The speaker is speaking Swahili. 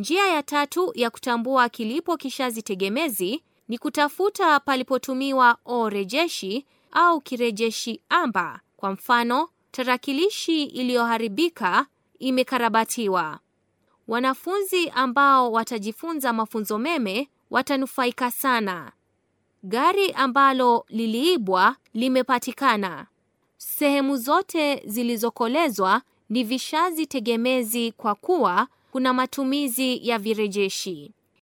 Njia ya tatu ya kutambua kilipo kishazi tegemezi ni kutafuta palipotumiwa o rejeshi au kirejeshi amba. Kwa mfano, tarakilishi iliyoharibika imekarabatiwa. Wanafunzi ambao watajifunza mafunzo meme watanufaika sana. Gari ambalo liliibwa limepatikana. Sehemu zote zilizokolezwa ni vishazi tegemezi kwa kuwa kuna matumizi ya virejeshi.